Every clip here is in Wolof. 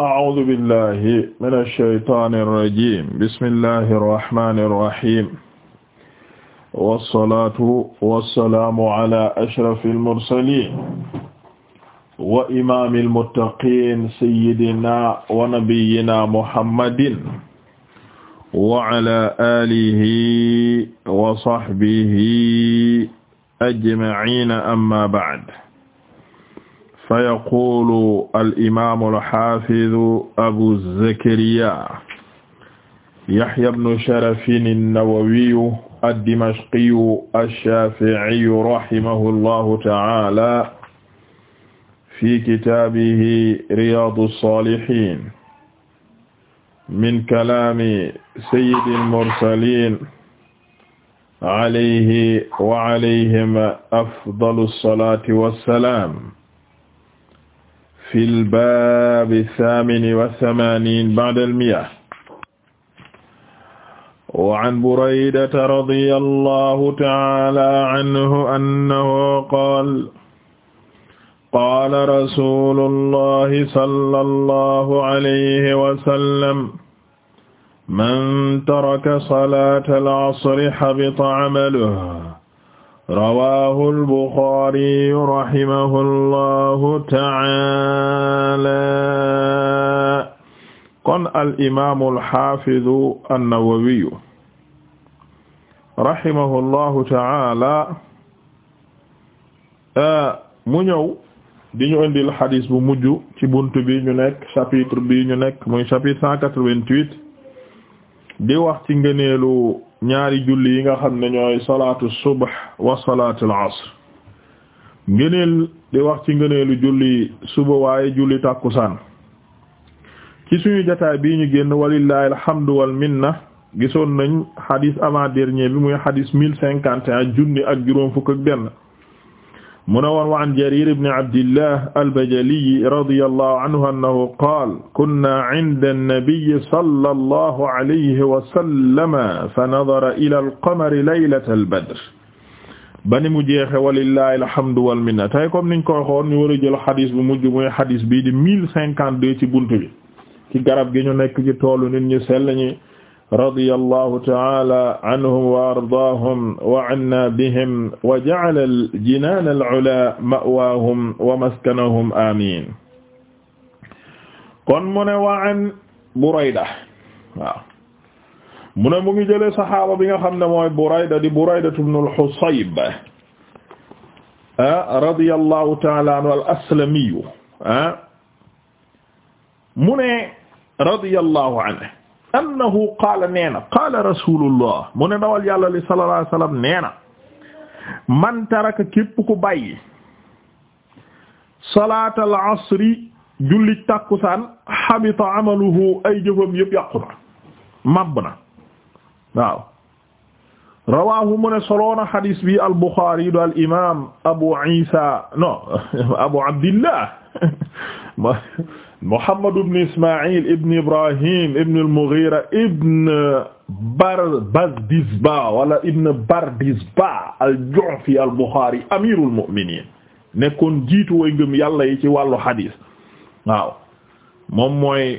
أعوذ بالله من الشيطان الرجيم بسم الله الرحمن الرحيم والصلاة والسلام على أشرف المرسلين وإمام المتقين سيدنا ونبينا محمد وعلى آله وصحبه أجمعين أما بعد fayaqulu al'imaamu alxaafidu abu zakariya yaxya ibnu sharafin an-nawawiyu ad-dimashqiyu ash-shaafi'iyu rahimahu llahu ta'aala fi kitaabihi riyaadu saalihiin min kalaami sayyidil mursaliin alayhi wa alayhim afdalu salaati wa salaam fi lbab alsamini walsamanin ba'da almiya wa an buraydata radiya allahu taala anhu annahu qaala qaala rasulu allahi salla allahu alayhi wasallam man taraka salata alasri habita amaluhu rawaahu al-Buxaari rahimahullahu ta'aala kon al-imaamu al-xaafidu an-Nawawiyu rahimahullahu ta'aala euh, mu ñëw di ñu indil xadis bu mujj ci bunt bi ñu nekk chapitre bi ñu nekk muy chapitre 188 di wax ci ngëneelu ñaari julli yi nga xam ne ñooy salaatu subh wa salaatu al di wax ci ngëneelu julli suba waaye julli tàkkusaan ci suñu jotaay bii ñu génn walillahi alhamdu wal gisoon nañ xadis avant dernier bi muy xadis mille cinquante et un junni ak juróom fukk ak benn mu ne woon wa an jarir ibn abdillah albajaliyi radiyallahu anhu annahu qaal kunna inda annabiyi sallallahu alayhi wa sallama fa nadara ila alqamari laylata albadr bani mu jeexe walillahi alhamdu walminna tey comme niñ koy xoon ñu war a jël xadis bu mujj muy xadis bii di mille cinquante deux ci bunt bi ci garab gi ñu nekk ci toolu nit ñi sell ñi radiyallahu ta'ala anhum wa ardaahum wa anna bihim wa ja'ala al-jinaan al-'ulaa ma'waahum wa maskanahum amiin kon mu ne wa an Burayda waaw mu ne mu ngi jëlee saxaaba bi nga xam ne mooy Burayda di Burayda ibn al-Husayb radiyallahu ta'ala anhu al-Aslami mu ne radiyallahu anhu annahu qaala nee na qaala rasulullah mu ne dawal yàlla li sallallahu alayhi wasallam nee na man taraka képp ku bàyyi salaatal asri julli tàkkusaan xabita amaluhu ay jëfam yëpp yàqu na màbb na waaw rawahu mu ne soloona xadis bi al Buxaari do al imam abu isa no abu abdillah Muhammad ibn Ismaïl ibn Ibrahim ibn al-Mughira ibn Bardizba wala ibn Bardizba al-Ju'fi al-Bukhari amirul mu'minin nekkoon jiitu way ngëm yàlla yi ci wàllu hadith waaw moom mooy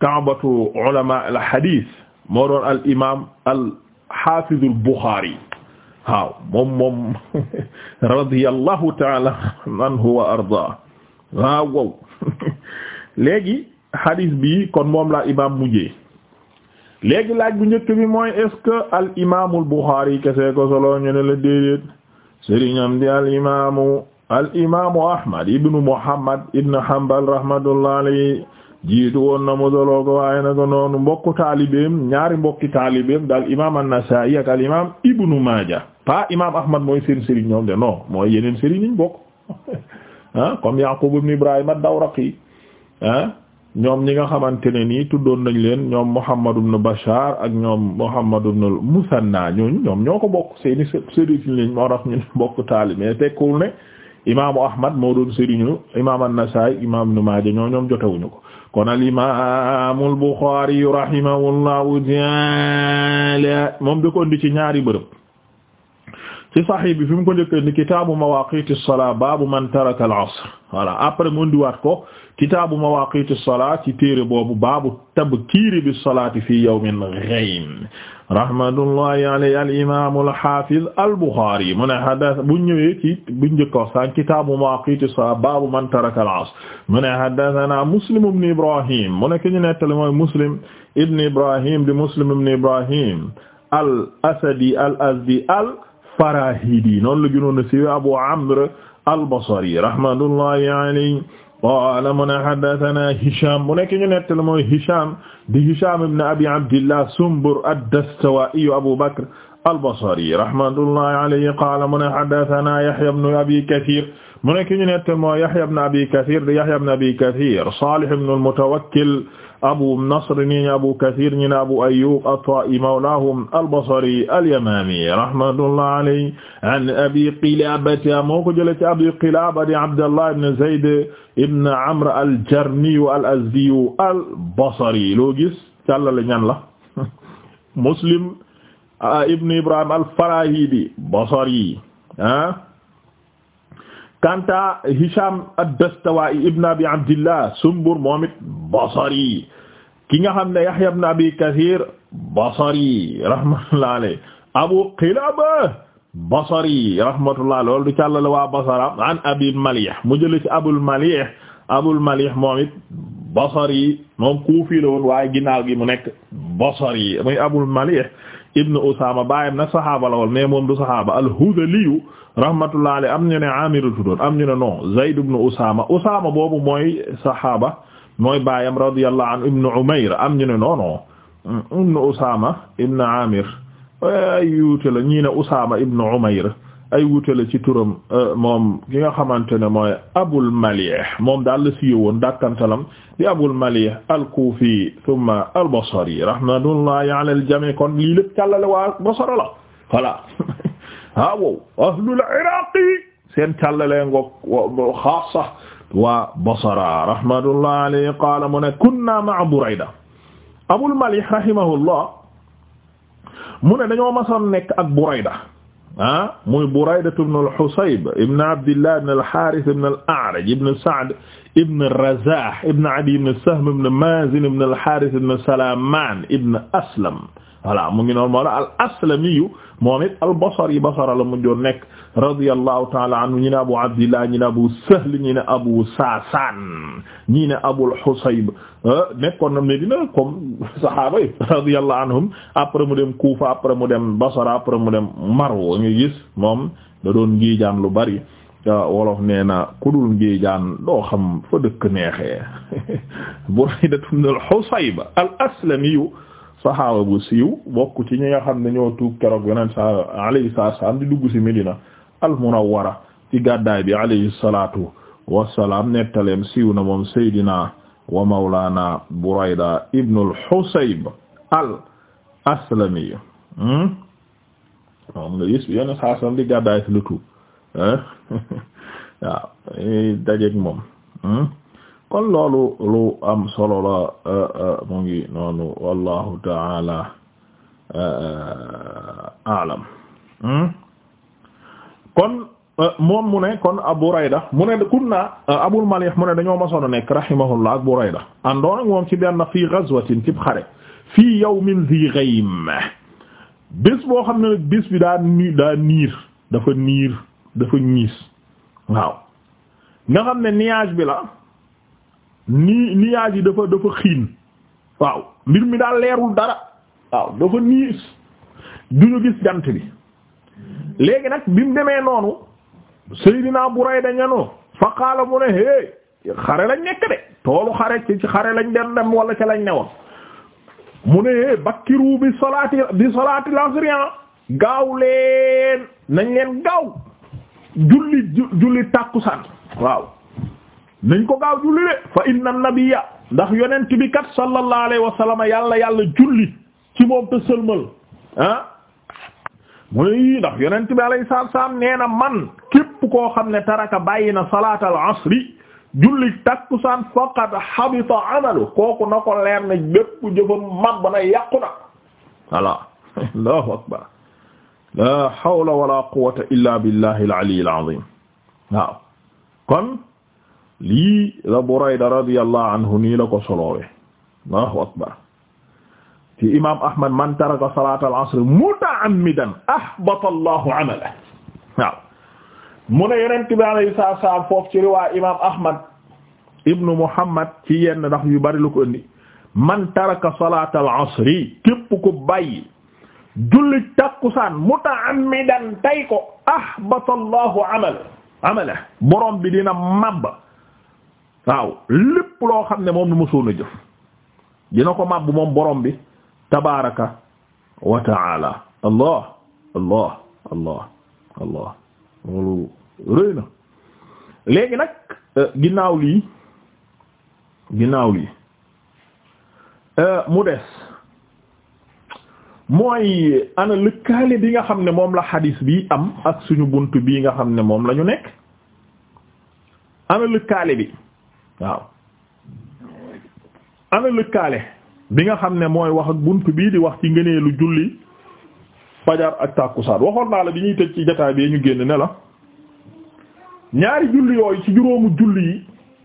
ka'batu ulama al-hadith moo doon al imaam al-hafiz al-Bukhari waaw moom moom radiyallahu ta'ala anhu wa arda waaw léegi hadis bi kon moom la imam mujjee léegi laaj bu njëkk bi mooy est-ce que al imaamul Buxaari kese ko solo ñu la déedéet sëriñam di al imaamu al imaamu Ahmad ibnu Muhammad ibnu Hanbal rahmatullah alayhi jiitu woon na mu solo ko waaye na ko noonu mbokku taalibeem ñaari mbokki taalibeem daal imaam an-Nasaa'i ak al imaam ibnu Maaja pas imaam Ahmad mooy seen sëriñ ñoom de non mooy yeneen sëriñ ñu bokk ah comme Yaqub ibnu Ibrahim ad-Dawraqi Ah ñoom ñi nga xamante ne nii tuddoon nañ leen ñoom Muhammad ibn Bashar ak ñoom Muhammad ibn al-Musanna ñooñu ñoom ñoo ko bokk seeni sëriñ lañ moo tax ñu bokk taali mais tekkul ne imaamu Ahmad moo doon sëriñu imaam an-Nasaa'i imaam Ibn Maaja ñoo ñoom jotewuñu ko kon al imaamul Buxaari rahimahullahu ta'ala moom de ko indi ci ñaari bërëb ci Sahih bi fi mu ko njëkkee ni kitaabu mawaaqiiti salaa baabu man taraka al-asr voilà après mu ndiwaat ko kitaabu mawaaqiiti salaa ci téere boobu baabu tabkiiri bi salaati fii yawmin ghaym rahmatullahi alayhi al-imaam al-haafiz al-Buxaari mu ne haddatha bu ñëwee ci bu njëkk wax sànq kitaabu mawaaqiiti salaa baabu man taraka al-asr mu ne haddathanaa Muslim ibn Ibrahim mu ne ki ñu nettali mooy Muslim ibn Ibrahim di Muslim ibn Ibrahim al-Asadi al-Azdi al Farahidi noonu la gënoon a siiwee Abu Amr al-Basri rahmatullahi alayhi qaala mu ne haddathana Hisham mu nekk ñu nettali mooy Hisham di Hisham ibn Abi Abdillah Sumbur ad-Dastuwaa'i Abu Bakr al-Basri rahmatullahi alayhi qaala mu ne haddathana Yahya ibn Abi Kathir mu nekk ñu nettali mooy Yahya ibn Abi Kathir di Yahya ibn Abi Kathir Salih ibn al-Mutawakkil abu nasr ñi ne abu kathir ñi ne abu ayyub at-ta'i mawlahum al-basri al-yamami rahmatullah alayhi an abi qilabata moo ko jëlee ci abi qilaba di abdallah ibn zayd ibn amr al-jarmi al-azdi al-basri loo gis càllale ñan la muslim ah, ibn ibrahim al-farahidi basri ah kanta hisham ad-dastawa'i ibn abi abdillah sumbur moom it basri ki nga xam ne Yahya ibn Abi Kathir Basri rahmatullah alayhi Abu Qilaba Basri rahmatullah loolu du càllale waa Basra an Abil Malih mu jële ci Abul Malih Abul Malih moom it Basri moom Kufi la woon waaye ginnaaw gi mu nekk Basri muy Abul Malih ibn Usama baayam nag saxaaba la woon mais moom du saxaaba al-Hudhali rahmatullah alayhi am ñu ne Amir tuddoon am ñu ne non Zayd ibn Usama Usama boobu mooy saxaaba mooy baayam radiyallahu anhu ibnu Umayr am ñu ne noonon ibnu Usaama ibnu Amir ay wuute la ñii ne Usaama ibnu Umayr ay wuute la ci turam euh, moom ki nga xamante ne mooy Abul Malih moom daal la siiw woon dakkantalam di Abul Malih al-Kufi thumma al-Basri rahmatullahi ala al-jami' kon lii lépp càllale waa Basra la voilà ah, waaw ahlul Iraqi seen càllale ngoog xaas sax waa Basra rahmatullah alayhi qaala mu ne kunna ma'a Burayda Abul Malih rahimahullah mu ne dañoo masoon nekk ak Burayda ah muy Burayda ibn al-Husayb ibn Abdillah ibn al-Harith ibn al-A'raj ibn Sa'd ibn Razah ibn Adi ibn Sahm ibn Mazin ibn al-Harith ibn Salaman ibn Aslam voilà mu ngi noonu moo al aslamiyu moom it al basri basara la mujjoon nekk radiyallahu taala anhu ñi ne abu abdillah ñi ne abu sahl ñi ne abu sasaan ñi ne abul husayb euh, nekkoon na Medina comme sahaaba yi radiyallahu anhum après mu dem Kufa après mu dem basara après mu dem Marwa nga gis moom da doon ngiijaan lu bari wolof nee na ku dul ngiijaan doo xam fa dëkk neexee Buraydatun al husayb al aslamiyu saxaaba bu siiw bokk ci ñi nga xam ne ñoo tuub keroog yeneen sa alayhi salaam di dugg si Medina al munawwara ci gàddaay bi alayhi salaatu wassalaam nettaleem siiw na moom Seydina wa Mawlana Burayda ibn al-Husayb al-Aslami moom nga gis yeneen saa salaam di gàddaay ci lu tuub eh? waaw dajeek moom hmm? kon loolu lu am solo la euh, euh, mu ngi noonu wallahu taala euh, alam hmm? kon moom mu ne kon Abu Burayda mu ne kunna Abul Malih mu ne dañoo masoon a nekk la ak Burayda àndoon ak moom ci benn fii ghazwatin cib xare fii yawmin zi ghaym bis boo xam ne bis bi daa ni daa niir dafa niir dafa ñiis waaw nga xam ne niage bi la nii nuage yi dafa dafa xiin waaw mbir mi daal leerul dara waaw dafa niis du ñu gis jant bi léegi nag bi mu demee noonu Seydina Burayda ñenoo fa qaala mu ne hey xare lañ nekk de toolu xare ci xare lañ den dem wala ca lañ newoon mu ne hey bakkiru bi salaati bi salaati lasrian gaaw leen nañ leen gaaw julli julli tàkkusaan waaw nañ ko gaaw julli de fa inna nabiyya ndax yonent bi kat sallallahu alayhi wa sallam yàlla yàlla julli ci moom te sëlmal ah mu ne yii ndax yonent bi alayhi salaatu salaam nee na man képp koo xam ne taraka bàyyi na salaatal asri julli takkusaan faqad habita amalu kooku na ko leer na bépp jëfam màbb na yàqu na voilà allahu akbar la hawla wala quwwata illa billahi al-ali al-azim waaw kon lii la Burayda radiyallahu anhu nii la ko soloowe Allahu akbar ci imam Ahmad man taraka salata al asr muta'ammidan ahbata Allahu amalahu waaw mu ne yonent bi alayhi salaatu salaam foofu ci riwaay imam Ahmad ibnu Muhammad ci yenn ndax yu bari lu ko indi man taraka salata al asr képp ku bàyyi julli takkusaan muta'ammidan tay ko ahbata Allahu amalahu amalahu borom bi dina mabba waaw lépp loo xam ne moom lu mësoon a jëf dina ko màbb moom borom bi tabaraka wa taala allah allah allah rëy na léegi nag euh, ginnaaw lii ginnaaw lii euh, mu des mooy ana lëkkaale bi nga xam ne moom la xadiis bii am ak suñu bunt bii nga xam ne moom la ñu nekk ana lëkkaale bi waaw ana lëkkaale bi nga xam ne mooy wax ak bunt bii di wax ci ngëneelu julli fajar ak tàkkusaan waxoon naa la bi ñuy tëj ci jotaay bi ñu génn ne la ñaari julli yooyu ci juróomu julli yi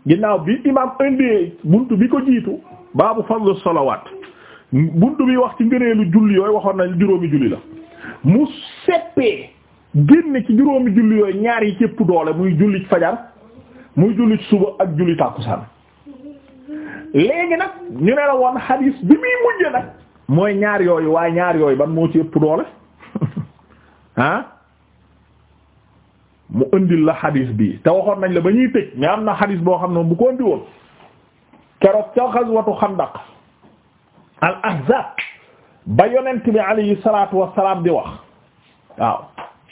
ginnaaw bi imaam indee bunt bi ko jiitu baabu fadlu salawaat bunt bi wax ci ngëneelu julli yooyu waxoon nañ juróomi julli la mu seppee génn ci juróomi julli yooyu ñaar yi cépp doole muy julli fajar muy julli suba ak julli tàkkusaan léegi nag ñu ne la woon xadiis bi muy mujj nag mooy ñaar yooyu waaye ñaar yooyu ban moo ci ëpp doole ah mu indil la xadiis bi te waxoon nañ la ba ñuy tëj mais am na xadiis boo xam ne bu ko indi woon keroog ca xaswatu xandaq al ahzab ba yonent bi alayhi salaatu wassalaam di wax waaw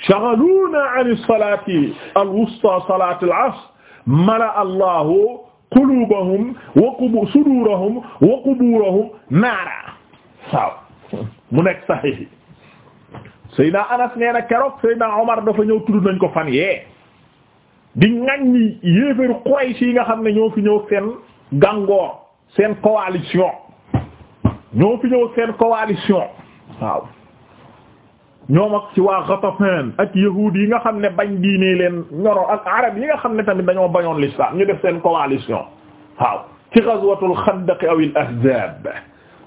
shaghaluna an as-salati al-wusta salati al-asr mala allahu quluubahum wa qubu sudurahum naara waaw mu nekk saxiix Seydina Anas nee na keroog Omar dafa ñëw tudd nañ ko fan yee di ŋaññi yéeféeru Quraysh yi nga xam ne ñoo fi ñëw seen gàngoor seen coalition ñoo fi ñëw seen coalition waaw ñoom ak ci waa Ghatafan ak yahuud yi nga xam ne bañ diine leen ñoro ak arab yi nga xam ne tamit dañoo bañoon l'islam ñu def seen coalition waaw ci ghazwatul xandaq aw al ahzab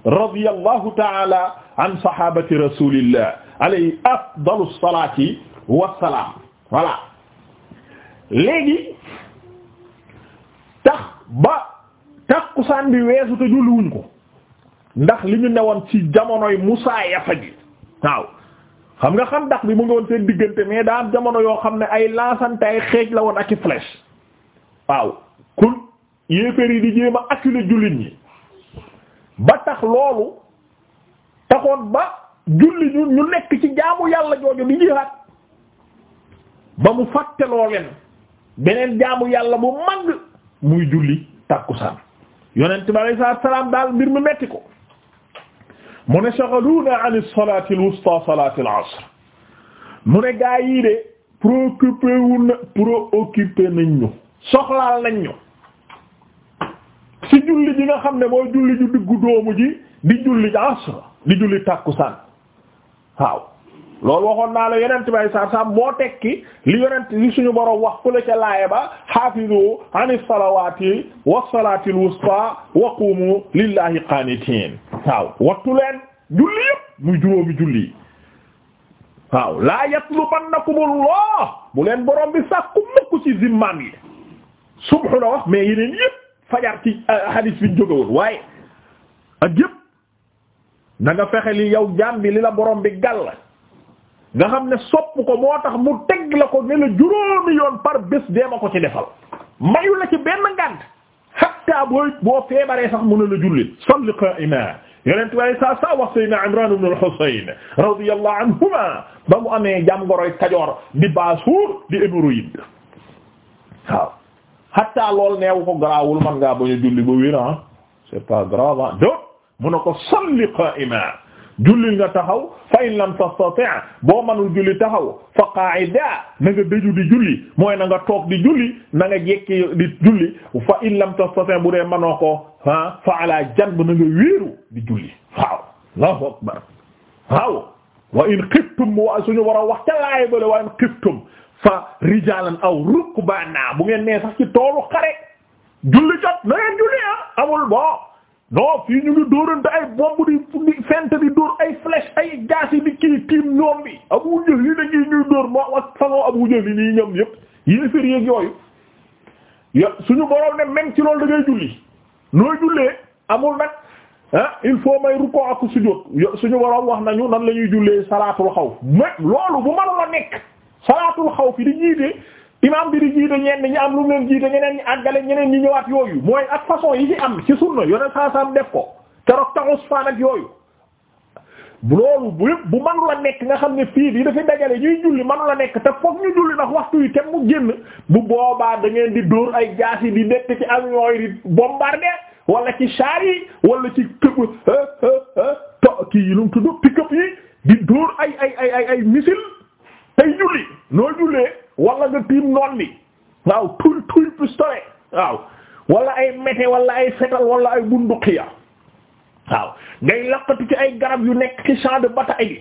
radiyallahu ta'ala an sahabati rasulillah alayhi afdalu salati wassalam voilà léegi tax ba takkusaan bi weesu te julliwuñ ko ndax li ñu newoon ci jamonoy musaayafa gi xam nga xam dax bi mu ngi woon seen diggante mais daa am jamono yoo xam ne ay laasante ay xeej la woon ak i flèche waaw kun yéeféer yi di jéem a jullit ñi ba tax loolu taxoon ba julli ñu ñu nekk ci jaamu yàlla jooju di jihaat ba mu fàtteloo leen beneen jaamu yàlla bu mag muy julli tàkkusaan yonent bi alayhi salaam daal mbir mi metti ko mu ne shaghaluuna an salaati al-wusta salaati al-asr mu ne gaa yii de préoccupé wu na préoccupé nañ ñu soxlaal nañ ñu ci julli ji nga xam ne mooy julli ju diggu doomu ji di julli asr di julli tàkkusaan waaw lool waxoon naa la yonent bay saa saa moo tekki li yonent li suñu borom wax ku la ca laaya ba hafizu anis salawati wasalaatil wusta wa qumu lillahi qanitin waaw wattu leen julli yëpp muy juróomi julli waaw laa yatlubannakumullah leen borom bi sàkku mukk ci zimmaam yi subhu la wax mais yeneen yëpp fajar ci euh, hadith bi ñu jóge woon waaye ak yëpp fexe li yow jaam bi li la borom bi gàll nga xam ne sopp ko moo tax mu teg la ko ne la juróomi yoon par bés dee ma ko ci defal mayu la ci benn ngànt hatta booy boo feebaree sax mu ne la jullit salli qaa'ima yonent waaye saa saa wax Seydina Imran ibn al-Husayn radiyallahu anhuma ba mu amee jàngoroy Kajoor di Baasuur di hémorroïde waaw hatta lool neew ko garaawul man ngaa bañ julli ba wér ah c'est pas grave ah. do mu ne ko salli qaa'ima jullil nga taxaw fa in lam tastati' boo manul julli taxaw fa qaa'ida na nga dëju di julli mooy na toog di julli na jekki di julli fa in lam tastati' bu dee manoo ko ah fa ala janb na nga wéeru di julli waaw allahu akbar waaw wa in xiftum wa suñu war wax ca laay bale wa in xiftum fa rijalan aw rukbana bu ngeen nee sax ci toolu xare julli jot na julli ah amul bo non fii ñu ngi dóorante ay bomb di fent di dóor ay flèche ay jaas yi di kii tiim ñoom bi Abu Jahl yi dañuy ñuy dóor moo wax façon Abu Jahl yi nii ñoom yëpp yéefér yéeg yooyu yo suñu boroom ne même ci lool dangay ngay julli nooy jullee amul nag ah il faut may rukkoo ak sujjóot suñu boroom wax nañu nan la ñuy jullee salaatul xawf mais loolu bu mënu la nekk salaatul xawf yi di jiitee imaam bi di jiite ñeen ñi am lu mu leen jiite ñeneen ñi àggale ñeneen ñi ñëwaat yooyu mooy ak façon yi ci am ci sunna yoneen saa saam def ko keroog taxus faan ak yooyu loolu bu bu manu la nekk nga xam ne fii bi dafay dajale ñuy julli manu la nekk te foog ñu julli ndax waxtu yi kenn mu génn bu boobaa da di dóor ay jaas yi di nekk ci avion yi di bombarder wala ci saar yi wala ci këpp to kii yi lu mu tudd pick yi di dóor ay ay ay missile wala nga tiim noon bi waaw tuy tuy pistolet waaw wala ay mete wala ay fetal wala ay bunduqiya waaw ngay laqatu ci ay garab yu nekk ci champ de bataille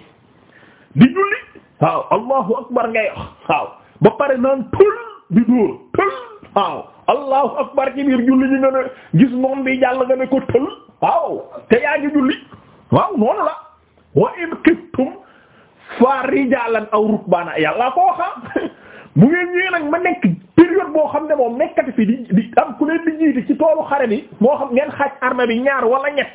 bi di julli waaw allahu akbar ngay waaw ba pare naan tul di dóor tul waaw allahu akbar ci biir julli ñu nga ne gis noon bi jàll nga ne ko tul waaw te yaa ngi julli waaw noonu la wa in xiftum fa rijalan aw rukbana yàlla ko waxa ah. bu ngeen ñëwee nag ma nekk période boo xam ne moom nekkati fi di di am ku leen di jiiti ci toolu xare bi moo xam ngeen xaaj armée bi ñaar wala ñett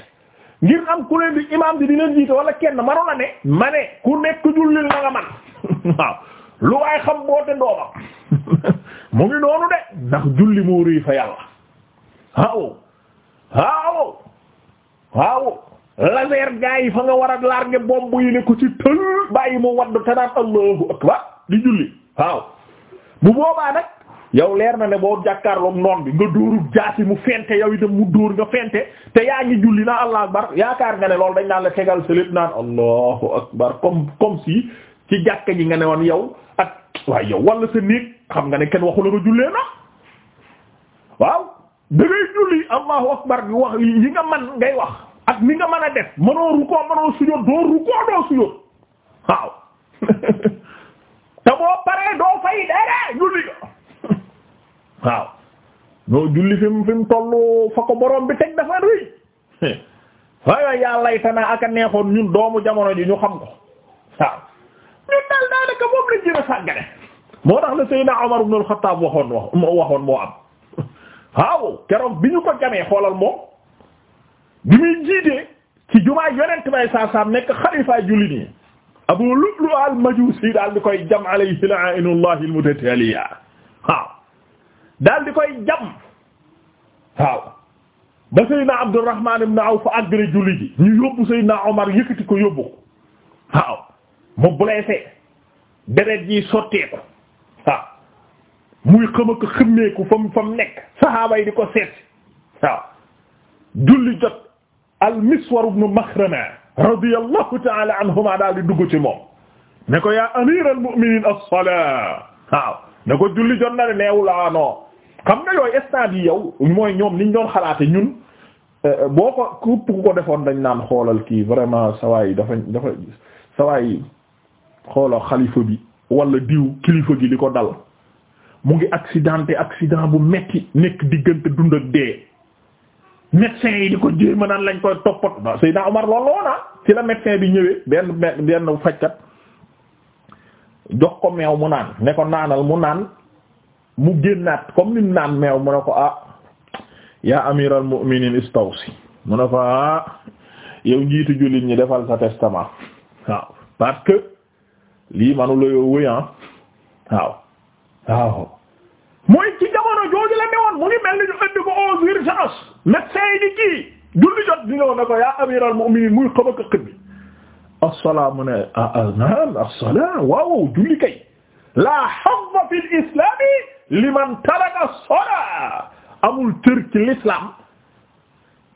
ngir am ku leen di imaam bi di leen jiite wala kenn manoon na ne ma ne ku nekk jullil na nga man waaw lu waay xam boote ndoomam mu ngi noonu de ndax julli moo réy fa yàlla waaw waaw waaw laser gaa yi fa nga war a larguer bomb yi ne ko ci tël bàyyi mu wadd te naan allahu akbar di julli waaw bu boobaa nag yow leer na ne boo jàkkaarloog noon bi nga dóoru jaasi mu fente yow itam mu dóor nga fente te yaa ngi julli na allah akbar yaakaar nga ne loolu dañ naan la tegal salib naan allahu akbar comme comme si ci jàkka ji nga ne woon yow ak waaye yow wala sa néeg xam nga ne kenn waxu la nga jullee na waaw da ngay julli allahu akbar bi wax yi nga man ngay wax ak ni nga mën a def mënoo rukkoo mënoo sujjóot doo rukkoo doo sujjóot waaw te boo paree doo fay dara julli waaw noo julli fi mu fi mu tollu fa ko borom bi teg dafa rëy waaye yàlla yi tanaa aka neexoon ñun doomu jamono ji ñu xam ko waaw ñun daal daanaka moom lañ sàggane moo tax la Seydina Omar ibn al-Khattab waxoon waxoon moo am waaw keroog bi ñu ko jamee xoolal moom bi muy jiitee ci jumaa yonent bay saa saam nekk xalifa julli nii Abu Lu'lu al-Majusi daal di koy jam alayhi la'inullahi al-mutataliya waaw di koy jam ba Seydina Abdurrahman ibn Awf agré julli ji ñu yóbbu Seydina Omar yëkkati ko yóbbu ko waaw mu blessé deret ji sotteeku waaw muy xam ak fam nekk sahaaba di ko seet julli jot al-Miswar ibn Makhrama radiyallahu ta'ala anhuma daal di dugg ci moom ne ko yaa amiral mu'minin as-salaa waaw ne ko julli jot na ne neewulaanoo ah, xam nga yooyu instant bi yow mooy ñoom niñ doon xalaate ñun eh, boo ko kupp ku ko defoon dañ naan xoolal kii vraiment sawaay dafa dafa sawaay xoolal xalifa bi wala diw kilifa gi li ko dal mu ngi accident accidenté accident bu metti nekk diggante dund ak dee médecin yi di ko jéema naan lañ koy toppat Seydina Omar loolu woona ah. ci la médecin bi ñëwee benn benn fajkat jox ko meew mu naan ne ko naanal mu naan mu génnaat comme nim naan meew mu ne ko ah yaa amiral mu'minin istawsi mu ne ko ah yow njiitu jullit ñi defal sa testament waaw parce que lii manula yoo wëyan ah. waaw waaw mooy ci jamono jooju la newoon mu ngi mel ni ñu indi ko aux urgences médecin yi di kii julli jot di ñëw ne ko yaa amiral mu'minin muy xëb ak xëb bi as ne ah, ah naam as-salaa waaw julli kay laa hazza fil islaami liman taraka as-salaa amul cër ci l'islam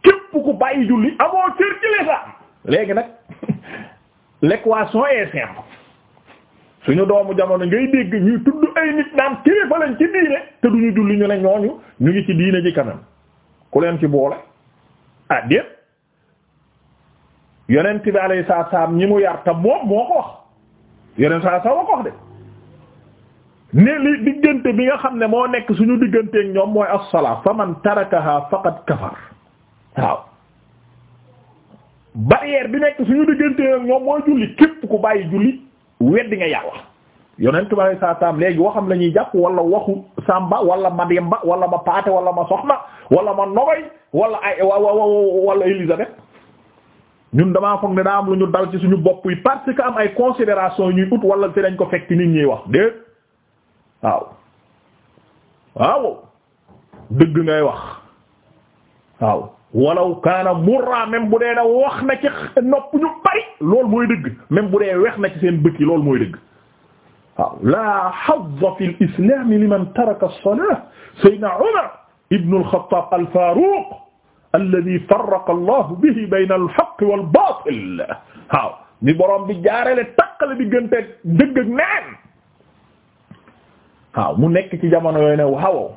képp ku bàyyi julli amoo cër ci l'islam léegi nag l'équation est su suñu doomu jamono ngay dégg ñuy tudd ay nit naan kilifa lañ ci diine te duñu julli ñu ne ñooñu ñu ngi ci diine ji kanam ku leen ci boole ah déet yonent bi alayhi salaatu ñi mu yar te moom moo ko wax yonent saa saa moo ko wax de ne li diggante bi nga xam ne moo nekk suñu digganteeg ñoom mooy as-salaa faman tarakaha faqad kafar waaw barrière bi nekk suñu digganteeg ñoom mooy julli képp ku bàyyi julli weddi nga yàlla yonent bi alayhi salaatu salaam léegi waxam la ñuy jàpp wala waxu Samba wala ma Demba wala ma Paate wala ma Soxna wala ma Nogoy wala ay wala Elisabeth ñun damaa foog ne daa am lu ñu dal ci suñu bopp yi parce que am ay considération ñuy ut wala fi añ ko fekk nit ñuy wax déet waaw waaw dëgg ngay wax waaw walaw kaana murra même bu dee na wax na ci nopp ñu bari loolu mooy dëgg même bu dee weex na ci seen bët yi loolu mooy dëgg waaw laa hazza fi l-islaam liman taraka as-salaah sayyidina Umar ibn al-Khattaab al-Faaruuq alladhii farraqa Allahu bihi bayna al-haqqi wal-baatil waaw ni borom bi jaarale taqale diggante dëgg ak neen waaw mu nekk ci jamono yooyu ne waaw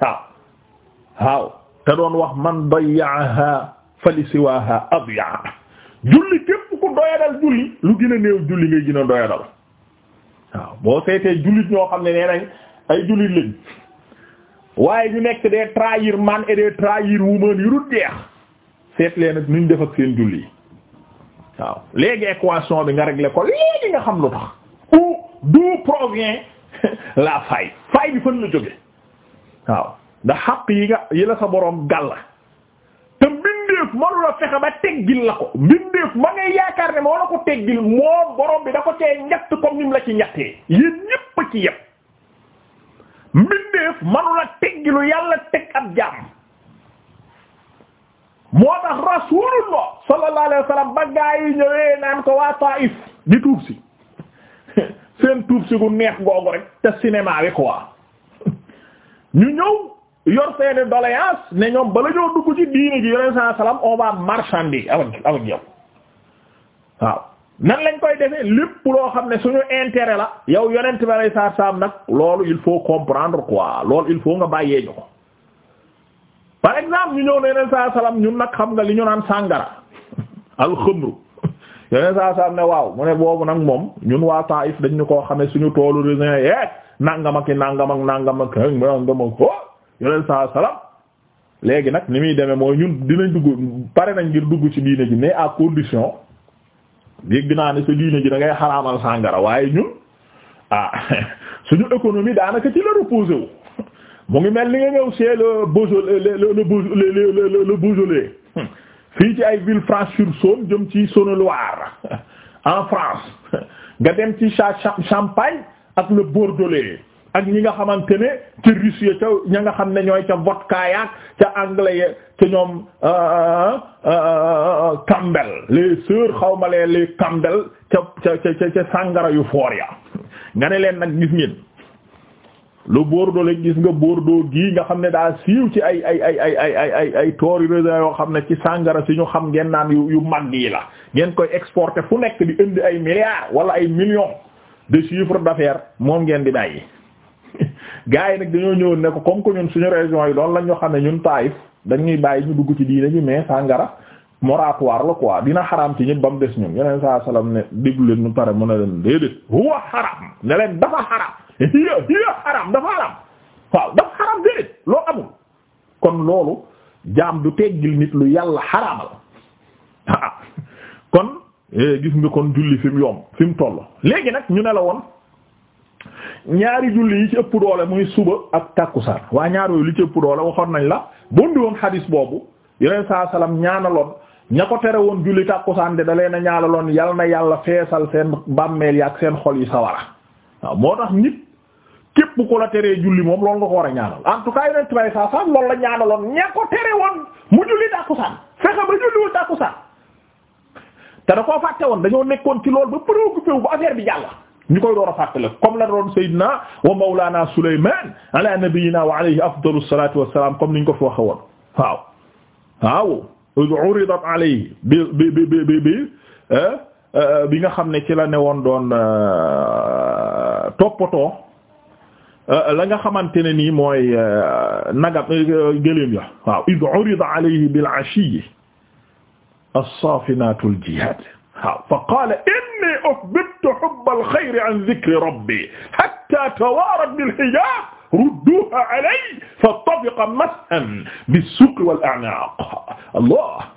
waaw waaw te doon wax man dayya'ahaa falisiwaahaa adya'a julli képp ku doyadal julli lu gën a néew julli ngay gën a doyadal waaw boo seetee jullit ñoo xam ne nee nañ ay jullit lañ waaye ñu nekk des trahir man et des wu woman yu dul jeex seet leen ak nuñ def ak seen julli waaw léegi équation bi nga régler ko léegi nga xam lu tax où d'où provient la faille faille bi fan la jóge waaw ndax xaq yi nga yi la sa boroom gàll mbindeef mënu la fexe ba teggil la ko mbindeef ma ngay yaakaar ne moo la ko teggil moom borom bi da ko cee ñett comme la ci ñettee yéen ñépp ci yépp mbindeef mënu teggilu yàlla teg ab jaam moo tax rasulullah sallallahu alayhi wa sallam ba gaa yi ñëwee naan ko waa Taif di tuub si seen tuub si gu neex googu rek te cinéma wi quoi ñu ñëw yor seeni doléance ne ñoom bala ñoo dugg ci diini ji yoneen saa salaam on va avec avec yow waaw nan lañ koy defee lépp loo xam ne suñu intérêt la yow yonent bi alay saa salaam nag loolu il faut comprendre quoi loolu il faut nga bàyyee ñu ko par exemple ñu ñëw ne yoneen saa salaam ñun nag xam nga li ñu naan sàngara alxamru yoneen saa saam ne waaw mu ne boobu nag moom ñun waa Taif dañ ñu koo xamee suñu toolu raisin yeeg nangam ak i nangam ak nangam oh! yoneen saa salaam léegi nag ni muy demee mooy ñun dinañ dugg pare nañ ngir dugg ci diine ji mais à condition dégg naa ne sa diine ji da ngay xaraamal sàngara waaye ñun ah suñu économie daanaka ci la reposé wu mu ngi mel ni nga ñëw c'est le Beaujolais le le Beaujolais fii ci ay ville Franche-sur-Saône jëm ci Saône-et-Loire en France nga dem ci cha champagne ak le Bordelais. ak ñi nga xamante ne ca Russie ca ña nga xam ne ñooy ca vodka yaak ca anglais ya ca ñoom euh, euh, euh, Campbell les sœurs xawma lee les Campbell ca ca ca sàngara yu foor ya nga ne leen nag gis ngeen lu Bordeaux la gis nga Bordeaux gi nga xam ne daal siiw ci ay ay ay ay ay ay ay toori réseau yoo xam ne ci sàngara si ñu xam ngeen naan yu yu mag yi la ngeen koy exporter fu nekk di indi ay milliards wala ay millions de chiffre d'affaires moom ngeen di bàyyi gars yi nag dañoo ñëwoon ne ko comme que ñun suñu région yi doon la ñu xam ne ñun Taïf dañuy bàyyi ñu dugg ci diine ji mais sàngara moratoire la quoi dina xaraam ci ñëpp ba mu des ñun yeneen saa salaam ne déglu leen mu pare mu ne leen déedéet huwa xaraam ne leen dafa xaraam hiya hiya xaraam dafa xaraam waaw dafa xaraam déedéet loo amul kon loolu jaam du teggil nit lu yàlla xaraamal kon eh, gis nga kon julli fi mu yomb fi mu toll léegi nag ñu ne la woon. ñaari julli yi ci ëpp doole muy suba ak takkusaan waa ñaar yooyu li ci ëpp doole waxoon nañ la bundi woon xadis boobu yeneen saa salaam ñaanaloon ña ko tere woon julli takkusaan de da leen a ñaanaloon yal na yàlla feesal seen bàmmeel ak seen xol yi sawara waaw moo tax nit képp ku la teree julli moom loolu nga ko war a ñaanal en tout loolu la ñaanaloon ña ko woon mu julli takkusaan fexe ba te da koo fàtte woon dañoo nekkoon ci lool ba préoccupé wu ba affaire bi jàll ñu koy door a fàttale comme la doon sayyidina wa mawlana Sulayman ala nabiyyina wa alayhi afdalu salatu wassalam comme niñ ko fi waxe woon waaw waaw uridat alayhi bi bi bi bi bi eh, eh, bi nga xam ne ci la ne woon doon eh, toppatoo la nga xamante ne nii mooy nagam gëléem ya waaw id urida alayhi bil ashiyi as-safinatu al jihad waaw fa qala inni hubbal xayri an dikri rabbi hatta tawaarat bil hijaab rudduuha alayhi fatafiqa mashan bis-suqi wal a'naaq allah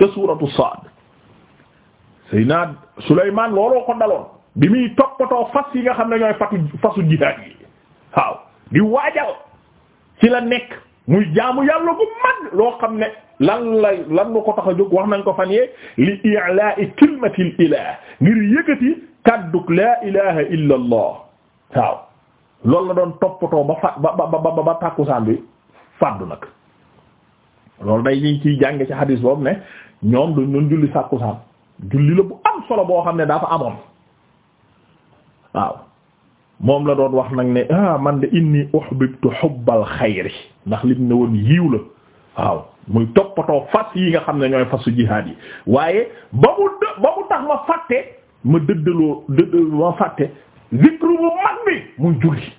ca suuratu Saad Seydina Souleymane looloo ko daloon bi muy toppatoo fas yi nga xam ne ñooy fatu fasu jihaad yi waaw di waajal ci la nekk muy jaamu yàlla bu mag loo xam ne lan lay lan nu ko tax a jóg wax nañ ko fan yee li i'laa'i kalimatil ilaah ngir yëkkati kadduk laa ilaha illa allah waaw loolu la doon toppatoo ba fa ba ba ba ba tàkkusaan bi fàddu nag loolu day ñi ciy jànge ci hadis boobu ne ñoom duñ doon julli sàkkusaan julli la bu am solo boo xam ne daa dafa amoon waaw moom la doon wax nag ne ah, man de inni uhibbtu hubbal xayri ndax lim ne woon yiw la waaw muy toppatoo fas yi nga xam ne ñooy fasu jihaad yi waaye ba mu ba mu tax ma fàtte ma dëddaloo dëdd ma fàtte zikru bu mag bi muy julli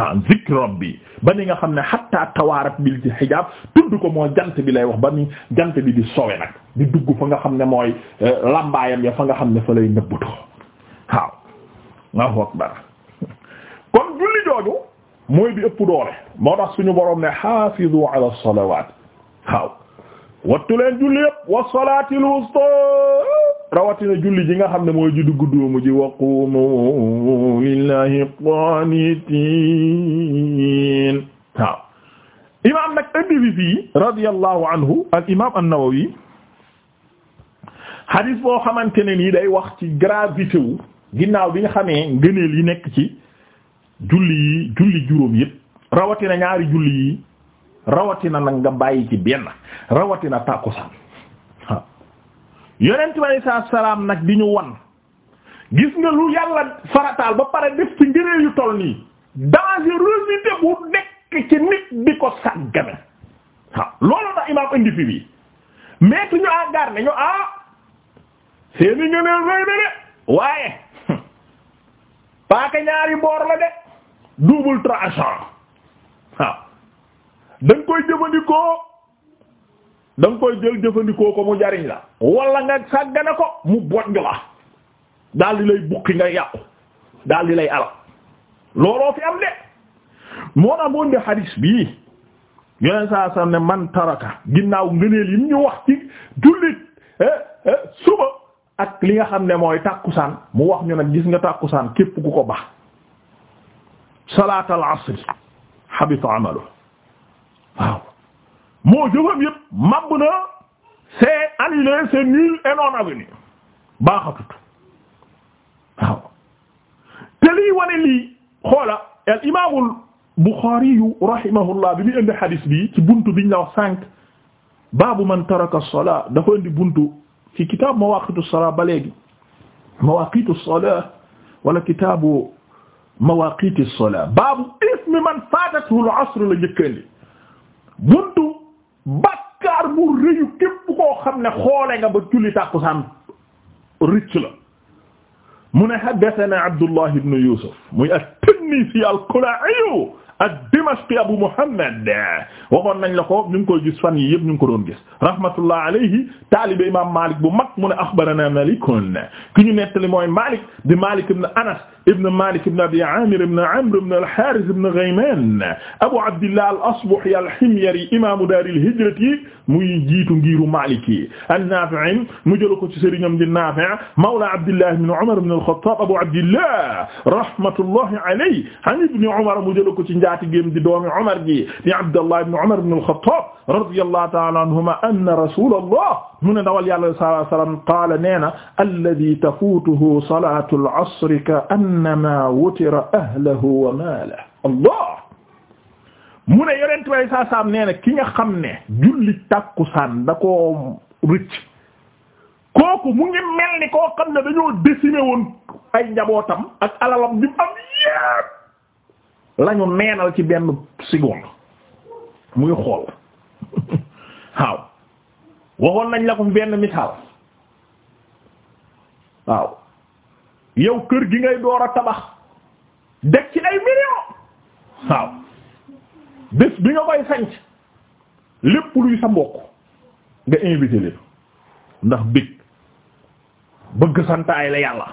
ah zikru rabbi ba ni nga xam ne hatta tawaarat bil ci xijaab tudd ko moo jant bi lay wax ba ni jant bi di sowe nag di dugg fa nga xam ne mooy eh, lambaayam ya fa nga xam ne fa lay nëbbutoo waaw Allahu akbar kon julli jooju mooy bi ëpp doole moo tax suñu boroom ne xaafizu ala salawaat wattu leen julli yëpp wa salaatil wusta rawatina julli ji nga xam ne mooy ju dugg doomu ji wa qumu lillahi qanitin waaw imaam nag indi bi fii radiyallahu anhu al imaam an-Nawawi hadis boo xamante ne nii day wax ci gravité ginnaaw bi nga xamee ngëneel yi nekk ci julli yi julli juróom yépp rawatina ñaari julli yi rawatina nag nga bàyyi ci benn rawatina tàkkusaan yonent bi alay salaam nag di ñu wan gis nga lu yàlla farataal ba pare def ci ngëneel yu toll nii dangerosité bu nekk ci nit di ko sàggane waaw loolu tax imaam indi fi bi metti ñu àggaar ne ñu ah seeni ngëneel rëy na de waaye paaka ñaari boor la de double tranchant waaw dañ koy jëfandikoo da nga koy jël jëfandikoo ko mu jariñ la wala nga sàggane ko mu bojj la daal di lay bukki nga yàqu daldi lay alal looloo fi am de moo tax moo indi hadis bii yeneen saa sax ne man taraka ginnaaw ngëneel yi ñu wax ci jullit eh, eh, suba ak li nga xam ne mooy tàkkusaan mu wax ñu nag gis nga tàkkusaan képp ku ko baax salaatal asri habita amalu moo jëfam ma màbb na c'est annulé c'est nul et non baaxatut waaw te lii wane lii xoola al imaamul Buxaari rahimahullah bi muy indi xadis bi ci buntu biñ la wax sànq baabu man taraka as-salaa dafa indi buntu ci kitaab mawaaqitu as-salaa ba léegi mawaaqitu as-salaa wala kitaabu mawaaqitu as-salaa baabu ismi man faatatuhu al-asr la njëkkandi buntu bàkkaar bu rëyu képp koo xam ne xoole nga ba julli tàkkusaan ricc la mu ne haddathana Abdullah ibn Yusuf muy at-Tinnisi al-Kala'i ad-Dimashqi Abu Muhammad waxoon nañ la ko ñu ngi koy gis fan yi yëpp ñu ngi ko doon gis rahmatullah alayhi taalibe imam Malik bu mag mu ne akhbarana Malikun ki ñu nettali mooy Malik di Malik ibn Anas ibn Malik ibn Abi Amir ibn Amr ibn al-Harith ibn Ghayman Abu Abdillah al-Asbahi al-Himyari imam dar al-hijrati muy jiitu ngiru Maliki an Nafi' mu jël ko ci sëriñam di Nafi' mawla Abdillah ibn Umar ibn al-Khattab Abu Abdillah rahmatullah alayhi an ibn Umar mu jël ko ci njaatigéem di doomi Umar ji di Abdallah ibn Umar ibn al-Khattab radiyallahu ta'ala anhuma anna rasulullah mu ne dawal yàlla sallallahu alayhi wasallam qaala nee na alladhi tafuutuhu salatu al-'asri ka annama wutira ahlahu wa maalahu allah mu ne yonent way saa saam nee na ki nga xam ne julli tàkkusaan da koo rëcc kooku mu ngi mel ni koo xam ne dañoo décimé woon ay njabootam ak alalam bi am yépp lañu neenal ci benn seconde muy xool waaw waxoon nañ la ko benn misaal waaw yow kër gi ngay door a tabax deg ci ay millions waaw bés bi nga koy sanc lépp luy sa mbokk nga invité ndax big bëgg santaay la yàlla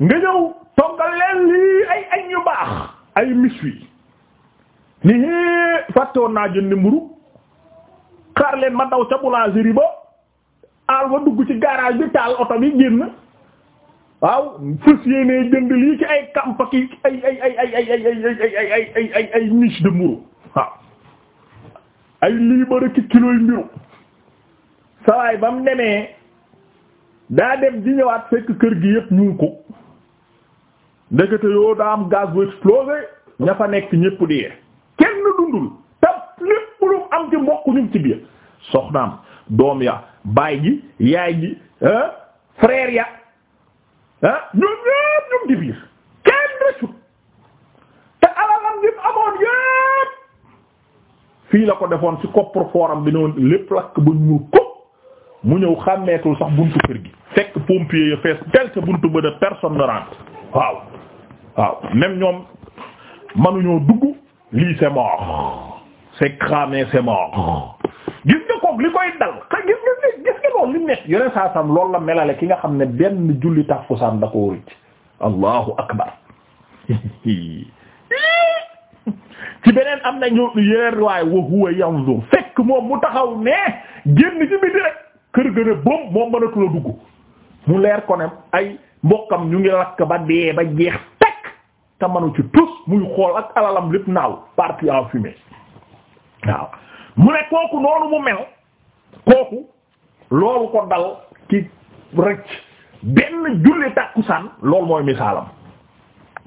nga ñëw toggal leen lii ay añ yu baax ay mis wi ni hée fàttewoon naa jënd mburu xaar leen ma daw ca boulangerie ba aal ba dugg ci garage bi taal oto bi génn waaw fës yéenee jënd lii ci ay kampa ki ay ay ay ay ay ay ay ay ay ay niche mburu ay lii ba rek kiloy mbiru sawaay ba mu demee daa dem di ñëwaat fekk kër gi yëpp ñu ko ndekete yoo daa am gaz bu explosé ña fa nekk ñépp di yee kenn dundul te lépp lu am ci mbokk ñu ci biir soxnaam doom ya baay ji yaay ji frère ya ah ñoom ñépp ñoom biir kenn rëccut te alalam yépp amoon yépp fii la ko defoon ci koppar fooram bi noonu lépp lakk ba ñu ko mu ñëw xàmmeetul sax buntu kër gi fekk pompier ya fees tel ca buntu ba de personne ne waaw waaw même ñoom manuñoo dugg lii c'est mort c'est cramé gis nga koog li koy dal gis nga gis nga loolu li saa sam loolu la melale ki nga xam ne benn julli tàkkusaan da ko rëcc allahu akbar ci beneen am na ñu yeneen waaye wa huwa fekk moom mu taxaw ne génn ci biti rek kër gën a boom moom mënatula dugg mu leer ko ay mbokkam ñu ngi lakk ba dee ba jeex te manu ci tus muy xool ak alalam lépp naaw parti en fumée waaw mu ne kooku noonu mu mel kooku loolu ko dal ci rëcc benn julli tàkkusaan loolu mooy misaalam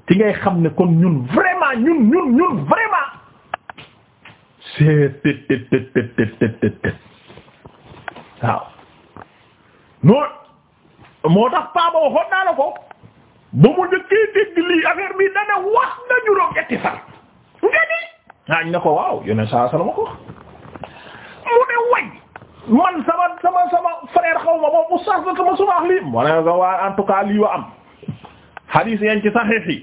ci ngay xam ne kon ñun vraiment ñun ñun ñun vraiment c'est tët tët tët tët tët tët waaw noonu moo tax paaba waxoon naa la ko ba mu njëkkee dégg lii affaire bi dana wax na juróom ñetti fan nga ni ñaañ ne ko waaw yoneen saa salama ko mu ne way man sama sama sama frère xaw ma moom oustaz la sama lii mu ne ko waa en tout cas lii am hadis yañ ci saxiix yi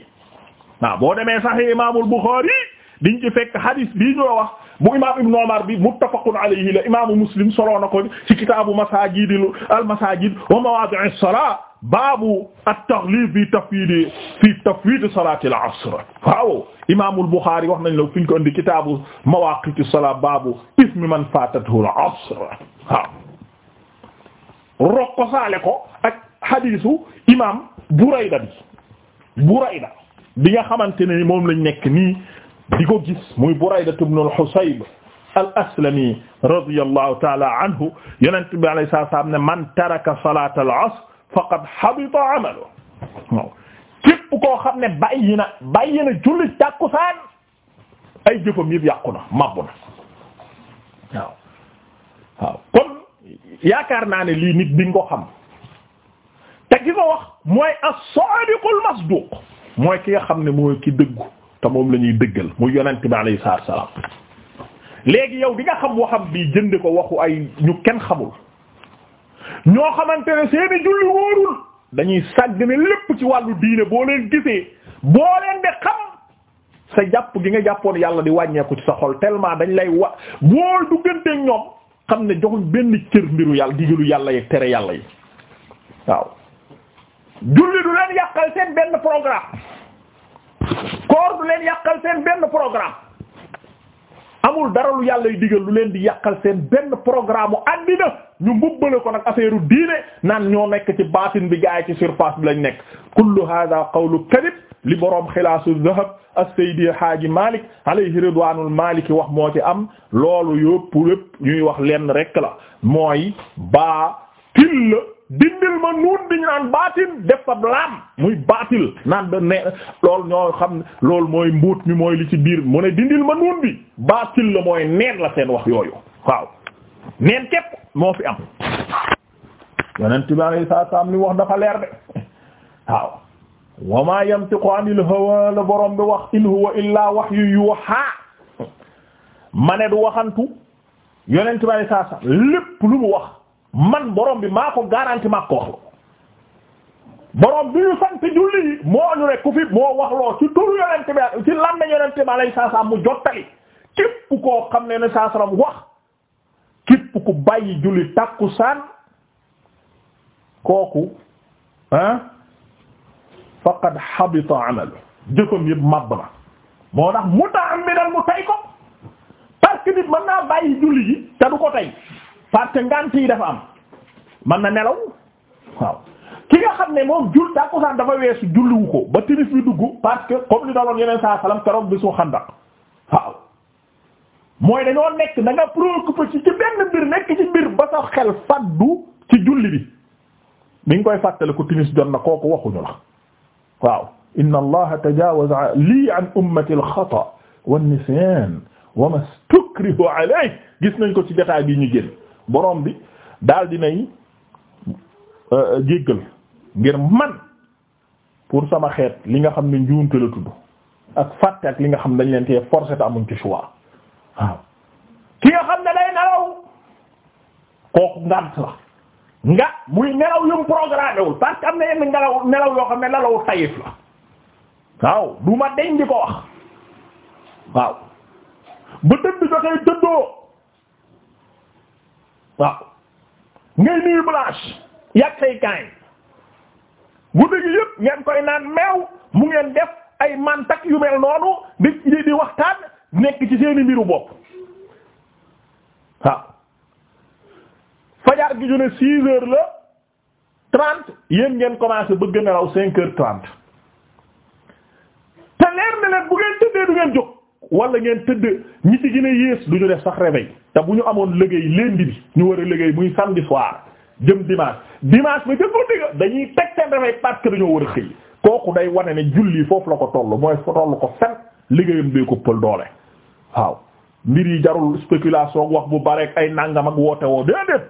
waaw boo demee saxiix imaamul Buxaari diñ ci fekk hadis bii ñu wax bu imaam Ibn Umar bi muttafaqun alayhi la imaamu Muslim solo na ko ci kitaabu masaajidil al masaajid wa mawaadi'is salaa baabu at-taghliib fi tafwiid fi tafwiid salaatil asr waaw imaamul Buxaari wax nañ la fi ñu ko indi kitaabu mawaaqiitis salaat baabu ismi man faatatul asr waaw rokko saale ko ak hadiisu imaam Burayda bi Burayda bi nga xamante ne moom lañ nekk nii di ko gis muy Burayda ibnul Husayb al aslami radiyallahu ta'ala anhu yonent bi alayhi salaam ne man taraka salaatal asr faqad habita amalu waaw képp koo xam ne bàyyi na bàyyi na julli tàkkusaan ay jëfam yëpp yàqu na mabbu na kon yaakaar naa ne lii nit bi nga xam te ki wax mooy as-sadiqul masduq mooy ki nga xam ne mooy ki dëggu te moom la ñuy dëggal mu yonent bi alayhi salaam léegi yow di nga xam waxam bi jënd ko waxu ay ñu kenn xamul ñoo xamante ne seeni julli wóorul dañuy sàgg ne lépp ci wàllu diine boo leen gisee boo leen de xam sa jàpp gi nga jàppoon yàlla di wàññeeku ci sa xol tellement dañ lay wa boo duggante ñoom xam ne joxuñ benn cër mbiru yàlla digalu yàlla yi tere yàlla yi waaw julli du leen yàqal seen benn programme koor du leen yàqal seen benn programme amul dara lu yàlla yu digal lu leen di yàqal seen benn programme àddina ñu mbubbale ko nag affaire diine naan ñoo nekk ci baatin bi gaay ci surface bi lañ nekk kullu hada qawlu kadib li boroom xilaasu zahab as-saydi haaji malik alayhi ridwanul maliki wax moo ci am loolu yëpp lépp ñuy wax lenn rek la mooy dindil ma nuun bi naan baatil def fa laam muy baatil naan da ne loolu ñoo xam loolu mooy mbuut mi mooy li ci biir mu ne dindil ma nuun bi baatil la mooy neen la seen wax yooyu waaw neen képp moo fi am yonent bi alayhi salaam wax dafa leer de waaw wa ma yantiqu anil hawa la borom bi wax in huwa illaa wahyu yuha ma ne du waxantu yonent bi alayhi lépp lu mu wax man borom bi maa ko garanti maa ko wax la borom bi ñu sant julli moo ñu rek fi moo wax loo ci turu bi ci làmmiñ yonent bi lay saasaam mu jottali képp koo xam ne ne wax képp ku bàyyi julli tàkkusaan kooku ah faqad habita amalu jëfam yëpp màbb na moo tax muta'ammidan mu tay ko parce que nit mën naa bàyyi julli yi du ko tay parce que ngant yi dafa am man na nelaw waaw ki nga xam ne moom jul tàkkusaan dafa weesu julliwu ko ba timis bi dugg parce que comme li daloon yeneen saa salam keroog bi su xandak waaw mooy dañoo nekk da nga préoccupé ci ci benn nekk ci ba sa xel faddu ci julli bi mi koy fàttale ko timis jot na kooku waxuñu la waaw inna allaha tajawaza lii an ummati alxata wan nisyan wa mastukrihu alayhi gis nañ ko ci jotaay gi ñu génn borom bi daal dinay euh, euh, jéggal ngir man pour sama xeet li nga xam ne njuumte la tudd ak fàtte ak li nga xam ne dañ leen tee forcé te amuñ ci choix waaw ki nga xam ne day nelaw kooku ngant la nga muy nelaw yum programmé wul parce que am na yenn ngelaw nelaw yoo xam ne nelawu tayif la waaw du deñ di ko wax waaw ba tëdd jotee tëddoo waaw ngay nuyu blanche yàgg say kaay guddi gi yëpp ngeen koy naan meew mu ngeen def ay mantak yu mel noonu di di waxtaan nekk ci seeni mbiru bopp waaw fajar gi ñu ne six heures la trente yéen ngeen commencé bëgg nelaw cinq heures trente te leer na leen bu ngeen tëddee du ngeen jóg wala ngeen tëdd ñi ci gën a yées du ñu def sax réveil te bu ñu amoon liggéey lundi bi ñu war a liggéey muy samedi soir jëm dimanche dimanche ba jëkkoon dëgg dañuy teg seen réveil parce que dañoo war a xëy kooku day wane ne julli foofu la ko toll mooy fa toll ko fen liggéeyam bee ko pël doole waaw mbir yi jarul spéculation wax bu bare ay nangam ak woote woo déedéet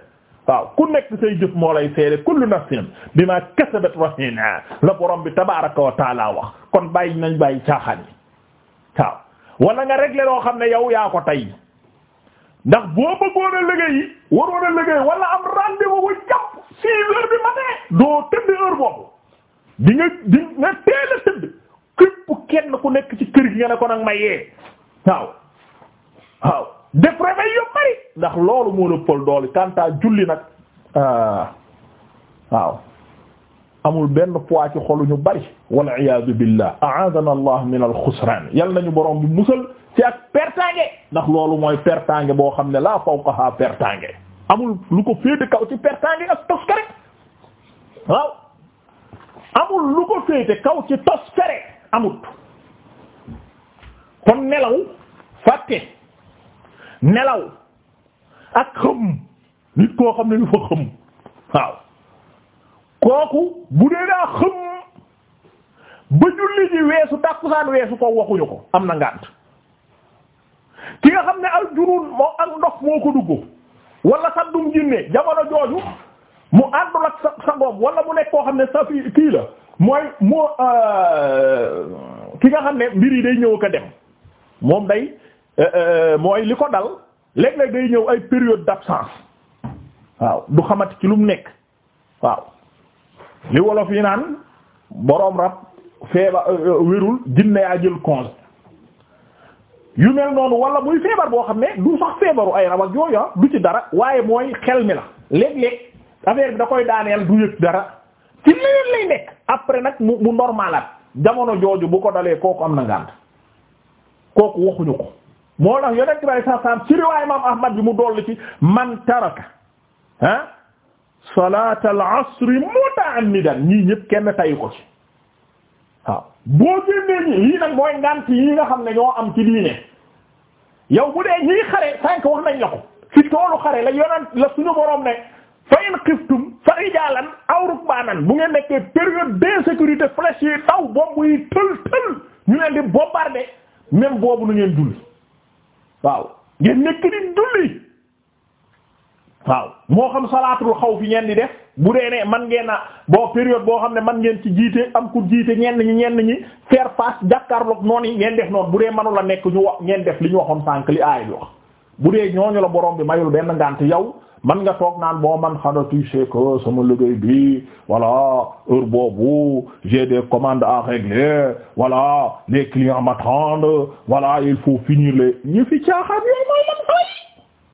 waaw ku nekk say jëf moo lay seede kullu nafsin bima kasabat rahina la borom bi tabaaraka wa taala wax kon bàyyi nañ bàyyi caaxaan wala nga régler loo xam ne yow yaa ko tey ndax boo bëggoon a liggéey waroon a liggéey wala am rendez-vous jàpp six heures du matin doo tëdd heure boobu di nga di nga teel a tëdd képp kenn ku nekk ci kër gi nga ne ko nag ma waaw waaw def réveil bari ndax loolu moo la pël doole julli nag ah, waaw amul benn poids ci xolu ñu bari wal iyaadu billah a'aadana allah min al xusraan yal nañu borom bi musal ci ak pertange ndax loolu mooy pertange boo xam ne laa fawqaha pertange amul lu ko féete kaw ci pertange ak toskare waaw amut kon nelaw fàtte nelaw ak xëm nit koo xam ne lu fa xëm waaw kooku bu dee daa xëm ba julli ji weesu tàkkusaan weesu ko waxuñu ko am na ngànt ki nga xam ne al junun moo ak ndox moo ko dugg wala saddum jinne jamono jooju mu àndul ak sa sangoom wala mu nekk koo xam ne sa fi kii la mooy moo euh, ki nga xam ne mbir yi day ñëw ko dem moom day euh, euh, mooy li ko dal léeg-léeg day ñëw ay période d'absence waaw du xamati ci lu mu nekk waaw li wolof yi naan boroom rab feebar euh, euh, wérul jinne yaa jël congé yu mel noonu wala muy feebar boo xam ne du sax feebaru ay rab ak yooyu ah, du ci dara waaye mooy xel mi la léeg-léeg affaire bi da koy daaneel du yëg dara ci leneen lay nekk après nag mu mu normalaat jamono jooju bu ko dalee kooku am na ngànt kooku waxuñu ko moo tax yonent bi sallallahu alayhi wasallam ci riwaaya Imam Ahmad bi mu dolli ci man taraka ah salaatal asri muta'ammidan ñii ñëpp kenn tayu ko ci waaw boo génnee ñi lii nag mooy ngànt yi nga xam ne ñoo am ci diine yow bu dee ñii xare sànq wax nañ la ko ci toolu xare la yonent la suñu borom ne fa in xiftum fa rijaalan aw rukbaanan bu ngeen nekkee période sécurité flèche yi taw bomb yi tël tël ñu leen di bombarder même boobu nu ngeen julli waaw ngeen nekk di julli waaw moo xam salaatul xaw fi ngeen di def bu dee ne man ngeen a boo période boo xam ne man ngeen ci jiite am ku jiite ñenn ñi ñenn ñi faire face jàkkaarloog noonu yi ngeen def noon bu dee mënu la nekk ñu wax ngeen def li ñu waxoon sànq li aay bi wax bu dee ñooñu la borom bi mayul benn ngànt yow man nga toog naan boo man xanatu c'est ko sama liggéey bi wala heure boobu j'ai des commandes à régler voilà les clients m'attendent voilà il faut finir les ñu fi caaxaan yooyu